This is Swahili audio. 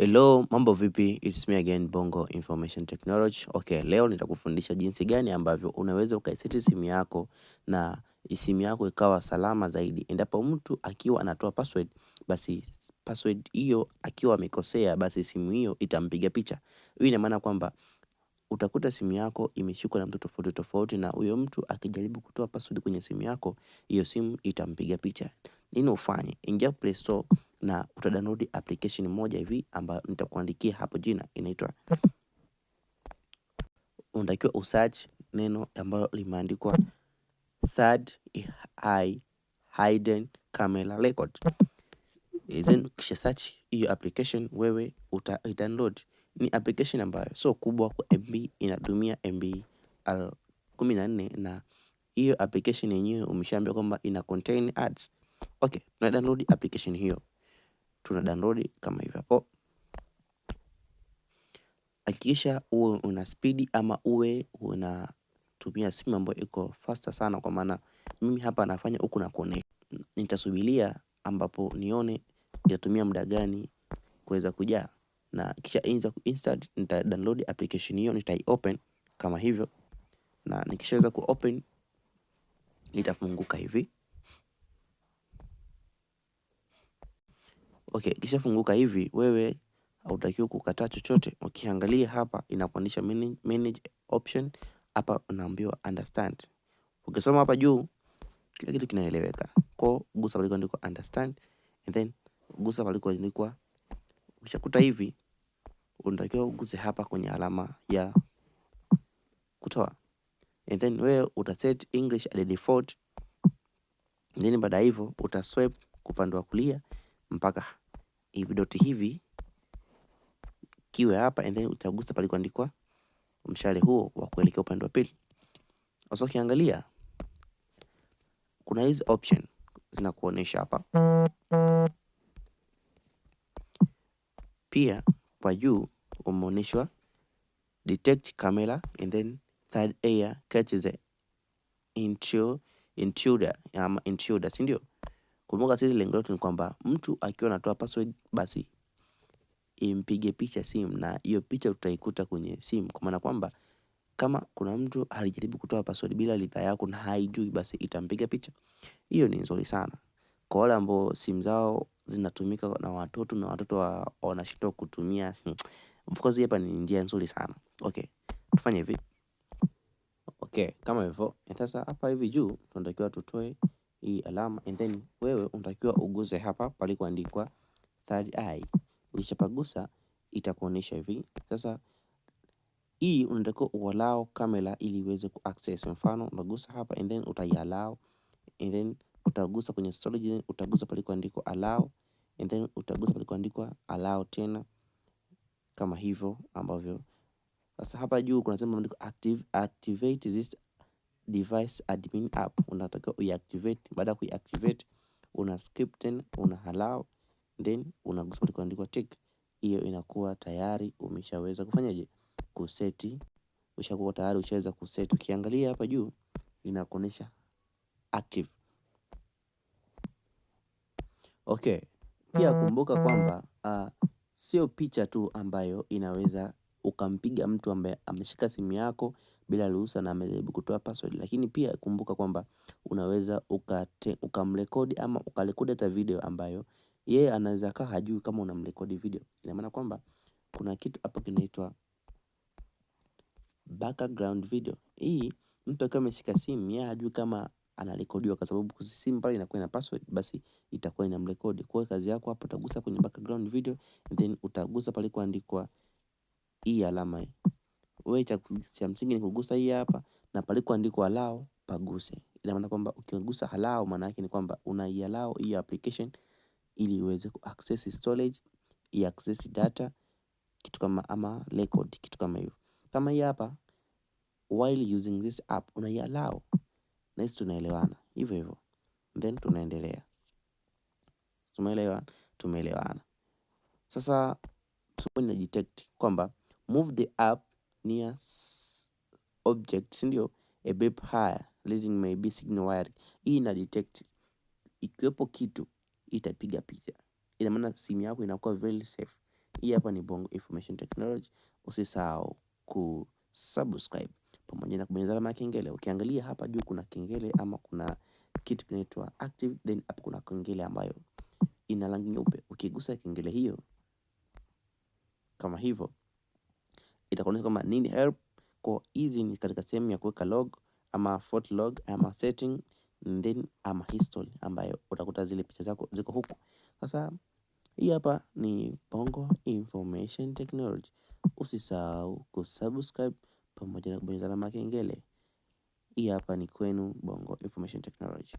Hello, mambo vipi? It's me again Bongo Information Technology. Okay, leo nitakufundisha jinsi gani ambavyo unaweza ukaiseti simu yako na simu yako ikawa salama zaidi. Endapo mtu akiwa anatoa password, basi password hiyo akiwa amekosea, basi simu hiyo itampiga picha. Hii ina maana kwamba utakuta simu yako imeshikwa na mtu tofauti tofauti, na huyo mtu akijaribu kutoa password kwenye simu yako, hiyo simu itampiga picha. Nini ufanye? Ingia Play Store na uta download application moja hivi ambayo nitakuandikia hapo jina, inaitwa unatakiwa usearch neno ambalo limeandikwa Third Eye Hidden Camera Record, then kisha search hiyo application, wewe uta download. Ni application ambayo so kubwa kwa MB, inatumia MB kumi na na hiyo application yenyewe umeshaambia kwamba ina contain ads. Okay, tuna download application hiyo tuna download kama hivyo hapo. Hakikisha uwe una spidi ama uwe unatumia simu ambayo iko faster sana, kwa maana mimi hapa nafanya huku na connect. Nitasubiria ambapo nione itatumia muda gani kuweza kujaa, na kisha inza kuinstall, nita download application hiyo, nitai open kama hivyo, na nikishaweza open itafunguka hivi. Okay, kisha funguka hivi wewe hautakiwa kukataa chochote. Ukiangalia hapa inakuonyesha manage, manage option hapa unaambiwa understand. Ukisoma hapa juu kila kitu kinaeleweka. Kwa gusa pale kuandikwa understand and then gusa pale kuandikwa ukishakuta hivi unatakiwa uguse hapa kwenye alama ya kutoa. And then wewe uta set English at default. And then baada hivyo uta swipe upande wa kulia mpaka hivi doti hivi kiwe hapa, and then utagusa pale kuandikwa mshale huo wa kuelekea upande wa pili. Sasa ukiangalia kuna hizi option zinakuonesha hapa pia, kwa juu umeonyeshwa detect camera and then third air catches the intruder ama intruder, si ndio? Kumbuka sisi lengo letu ni kwamba mtu akiwa anatoa password basi impige picha simu na hiyo picha utaikuta kwenye simu, kwa maana kwamba kama kuna mtu alijaribu kutoa password bila ridhaa yako na haijui, basi itampiga picha. Hiyo ni nzuri sana kwa wale ambao simu zao zinatumika na watoto na watoto wanashindwa kutumia simu. Of course hapa ni njia nzuri sana. Okay, tufanye hivi. Okay, kama hivyo sasa hapa hivi juu tunatakiwa tutoe hii alama and then wewe unatakiwa uguze hapa palikoandikwa third eye. Ukishapagusa itakuonesha hivi. Sasa hii unatakiwa uwalao kamera ili iweze kuaccess. Mfano unagusa hapa and then utaiallow and then utagusa kwenye storage, then utagusa palikoandikwa allow and then utagusa palikoandikwa allow tena, kama hivyo ambavyo sasa hapa juu kuna sema active, activate this device admin app unataka uiactivate. Baada ya kuiactivate, una skip then una allow then unagusa kuandikwa tick, hiyo inakuwa tayari umeshaweza kufanyaje kuseti, ushakuwa tayari ushaweza kuseti. Ukiangalia hapa juu inakuonesha active. Okay, pia mm-hmm. kumbuka kwamba uh, sio picha tu ambayo inaweza ukampiga mtu ambaye ameshika simu yako bila ruhusa na amejaribu kutoa password. Lakini pia kumbuka kwamba unaweza ukamrekodi ama ukarekodi hata video ambayo yeye anaweza kaa hajui kama unamrekodi video. Ina maana kwamba kuna kitu hapo kinaitwa background video. Hii mtu akiwa ameshika simu yeye hajui kama anarekodiwa kwa sababu simu pale inakuwa ina password, basi itakuwa inamrekodi. Kwa hiyo kazi yako hapo utagusa kwenye background video then utagusa pale kuandikwa hii e alama hii wewe cha msingi ni kugusa hii hapa na palikoandikwa allow paguse. Ina maana kwamba ukigusa allow maana yake ni kwamba unaiallow hii application ili iweze ku access storage, i access data kitu kama ama record kitu kama hivyo. Kama hii hapa while using this app unaiallow. Na hizi tunaelewana. Hivyo hivyo. Then tunaendelea. Tumeelewa, tumeelewana. Sasa tuseme detect kwamba move the app near object si ndio? A beep higher leading may signal wiring. Hii ina detect ikiwepo kitu itapiga picha. Ina maana simu yako inakuwa very safe. Hii hapa ni Bongo Information Technology. Usisahau subscribe pamoja na kubonyeza alama ya kengele. Ukiangalia hapa juu kuna kengele ama kuna kitu kinaitwa active, then hapo kuna kengele ambayo ina rangi nyeupe. Ukigusa kengele hiyo kama hivyo itakuonyesha kwamba nini help. Kwa hizi ni katika sehemu ya kuweka log ama fault log ama setting then ama history, ambayo utakuta zile picha zako ziko huku. Sasa hii hapa ni Bongo Information Technology. Usisahau kusubscribe pamoja na kubonyeza alama ya kengele. Hii hapa ni kwenu Bongo Information Technology.